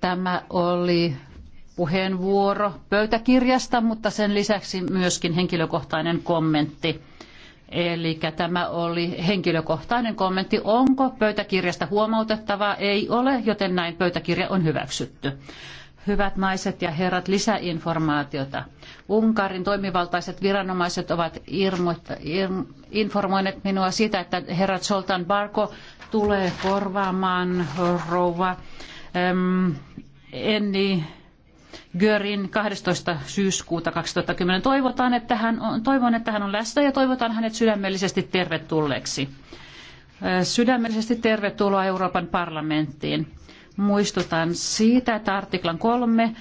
Tämä oli puheenvuoro pöytäkirjasta, mutta sen lisäksi myöskin henkilökohtainen kommentti. Eli tämä oli henkilökohtainen kommentti. Onko pöytäkirjasta huomautettavaa? Ei ole, joten näin pöytäkirja on hyväksytty. Hyvät naiset ja herrat, lisäinformaatiota. Unkarin toimivaltaiset viranomaiset ovat informoineet minua siitä, että herra Zoltan Barko tulee korvaamaan rouva Enni Görin 12. syyskuuta 2010. Toivotaan, että hän on, toivon, että hän on läsnä ja toivotan hänet sydämellisesti tervetulleeksi. Sydämellisesti tervetuloa Euroopan parlamenttiin. Muistutan siitä, että artiklan 3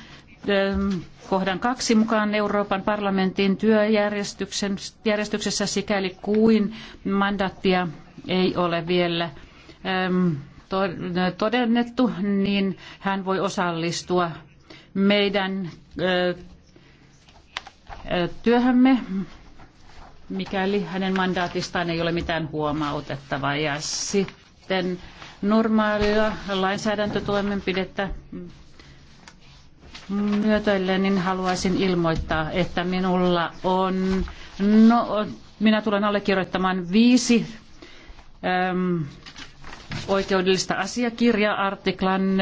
kohdan kaksi mukaan Euroopan parlamentin työjärjestyksessä sikäli kuin mandaattia ei ole vielä todennettu, niin hän voi osallistua meidän työhömme, mikäli hänen mandaatistaan ei ole mitään huomautettavaa. Ja sitten normaalia lainsäädäntötoimenpidettä myötöille, niin haluaisin ilmoittaa, että minulla on, no, minä tulen allekirjoittamaan viisi äm, oikeudellista asiakirjaa artiklan